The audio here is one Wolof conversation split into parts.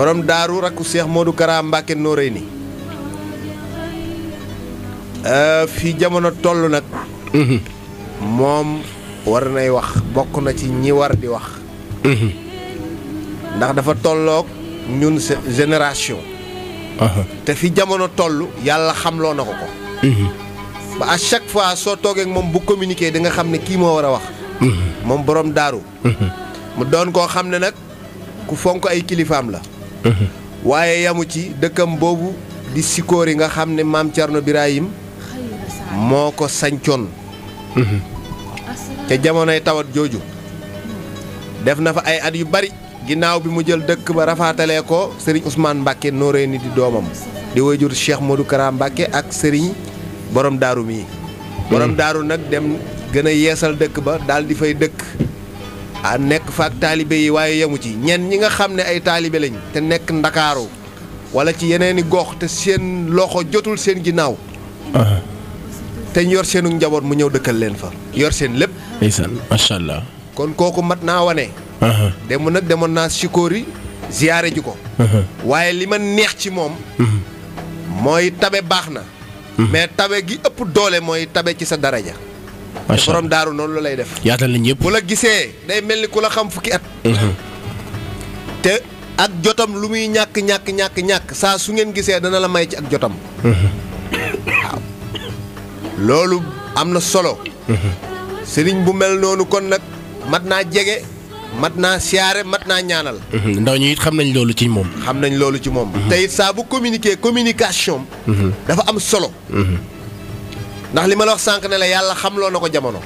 borom daaru rakku seex Modou Kara Mbacke nooree ni eh, fii jamono toll nag. Mhm. moom war nay wax bokk na ci ñi war di wax. Mhm. ndax dafa tolloog ñun génération. te fi jamono toll yàlla xamloo na ko ko. Mhm. ba à chaque fois soo toogee ak moom bu communiquer da nga xam ne kii moo war a wax. moom borom daaru. mu doon koo xam ne ku fonk ay kilifaam la. waaye yamu ci dëkkam boobu di sikóor yi nga xam ne maam Thierno biraayim moo ko sañcoon ca jamonoy tawat jooju def na fa ay at yu bari ginnaaw bi mu jël dëkk ba rafaatalee ko sëriñ Ousmane Mbacke nooree ni di doomam di wajur Cheikh Modou Kara Mbacke ak sëriñ borom daaru mii borom daaru nag dem gën a yeesal dëkk ba daal di fay dëkk a nekk fa ak taalibe yi waaye yemu ci ñenn ñi nga xam ne ay taalibe lañ te nekk ndakaaru wala ci yeneeni gox te seen loxo jotul seen ginnaaw ah. te yor seenu njaboot mu ñëw dëkkal leen fa yor seen lépp ndeysaan macha allah kon kooku mat naa wane uh-huh. dem nag demoon naa sikóori ziyaare ji ko uh-huh. waaye li man neex ci moom uh-huh. mooy tabe baax na mais tabe gi ëpp doole mooy tabe ci sa daraja macha borom daaru noonu la lay def. yaatal nañ ñëpp bu la gisee day mel ni ku la xam fukki at. Mhm. te ak jotam lu muy ñàkk ñàkk ñàkk ñàkk saa su ngeen gisee dana la may ci ak jotam. Mhm. loolu am na solo. Mhm. sëriñ bu mel noonu kon nag mat naa jege mat naa siyaare mat naa ñaanal. ndaw ñi xam nañ loolu ci moom. xam nañ loolu ci moom. te it saa bu communiquer communication. dafa am solo. ndax li ma la wax sànq ne la yàlla xamloo na ko jamono.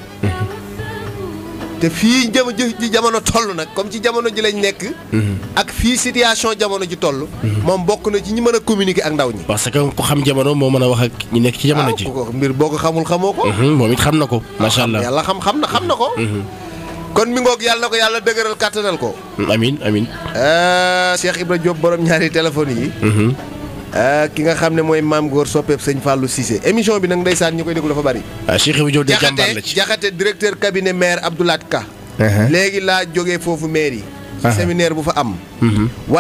te fii jam ji jamono toll nag comme ci jamono ji lañ nekk. Mhm. ak fii situation jamono ji toll. Mhm. moom bokk na ci ñi mën a communiquer ak ndaw ñi. parce que ku xam jamono moo mën a wax ak ñi nekk ci jamono ah, ji. mbir boo ko xamul xamoo ko. Mhm, moom it xam na ko ah, macha allah yàlla xam xam na xam na ko. kon mi ngoog yàlla ko yàlla dëgëral kàttanal ko. Mm, amin amin eh, Cheikh Ibra Diop borom ñaari téléphone yi. Euh, ki nga xam ne mooy maam góor soppeeb sëñ Fallou Cissé émission bi nag ndeysaan ñu koy déglu dafa bari. waaw ah, Cheikh Ibou Diop de jàmbaar la ci jaxate directeur cabinet maire Abdoulaye Ka. Uh-huh. léegi laa jógee foofu maire yi. Uh-huh. séminaire bu fa am. Mm-hmm.